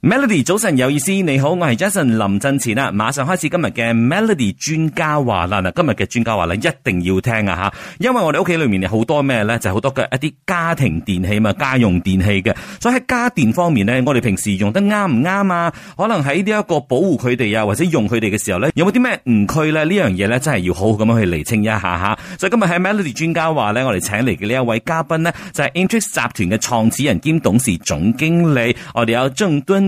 Melody 早晨有意思，你好，我係 Jason 林振前啊，馬上開始今日嘅 Melody 專家話啦。嗱，今日嘅專家話咧，一定要聽啊吓，因為我哋屋企裏面有好多咩咧，就係、是、好多嘅一啲家庭電器啊，家用電器嘅，所以喺家電方面咧，我哋平時用得啱唔啱啊？可能喺呢一個保護佢哋啊，或者用佢哋嘅時候咧，有冇啲咩誤區咧？呢樣嘢咧，真係要好好咁樣去厘清一下吓。所以今日喺 Melody 專家話咧，我哋請嚟嘅呢一位嘉賓咧，就係、是、Intrix 集團嘅創始人兼董事總經理，我哋有鄭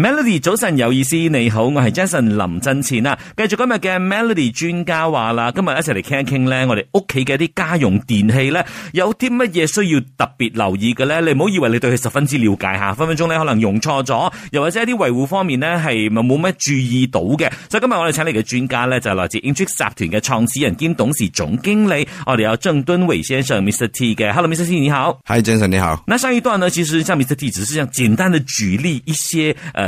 Melody 早晨有意思，你好，我係 Jason 林振前啊。繼續今日嘅 Melody 專家話啦，今日一齊嚟傾一傾咧，我哋屋企嘅一啲家用電器咧，有啲乜嘢需要特別留意嘅咧？你唔好以為你對佢十分之了解吓，分分鐘咧可能用錯咗，又或者一啲維護方面咧係咪冇咩注意到嘅。所以今日我哋請嚟嘅專家咧就係來自 Intrix 集團嘅創始人兼董事總經理，我哋有鄭敦偉先生，Mr. Tee 嘅。Hello，Mr. Tee 你好，Hi，Jason 你好。嗱，那上一段呢，其實上 Mr. Tee 只是想簡單的舉例一些，誒、呃。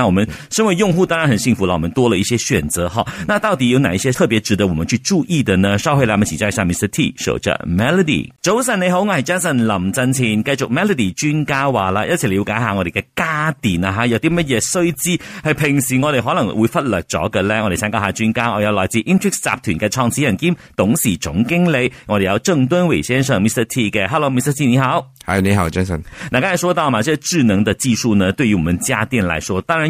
那我們身為用戶當然很幸福啦，我們多了一些選擇哈。那到底有哪一些特別值得我們去注意的呢？稍後來我們請教一下 Mr. Tee 守者 Melody。早晨你好，我係 Jason 林振前，繼續 Melody 專家話啦，一齊了解下我哋嘅家電啊吓，有啲乜嘢須知係平時我哋可能會忽略咗嘅咧。我哋請教下專家，我有來自 INTRIX 集團嘅創始人兼董事總經理，我哋有鄭敦偉先生，Mr. Tee 嘅。Hello，Mr. Tee 你好，嗨，你好，Jason。嗱，剛才說到嘛，即係智能嘅技術呢，對於我們家電來說，當然。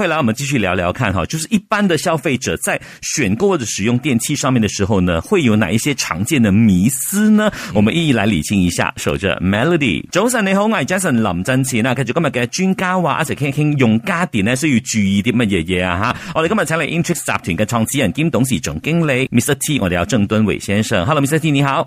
未來我們繼續聊聊看哈，就是一般的消費者在選購或者使用電器上面的時候呢，會有哪一些常見的迷思呢？我們一一來理清一下。守着 Melody，、嗯、早晨你好，我係 Jason 林真前那跟、個、住今日嘅專家話一齊傾一傾，用家電呢需要注意啲乜嘢嘢啊？哈、嗯，我哋今日請嚟 Intrix e e 集團嘅創始人兼董事總經理 Mr. Tee，我哋有鄭敦偉先生。Hello，Mr. Tee，你好。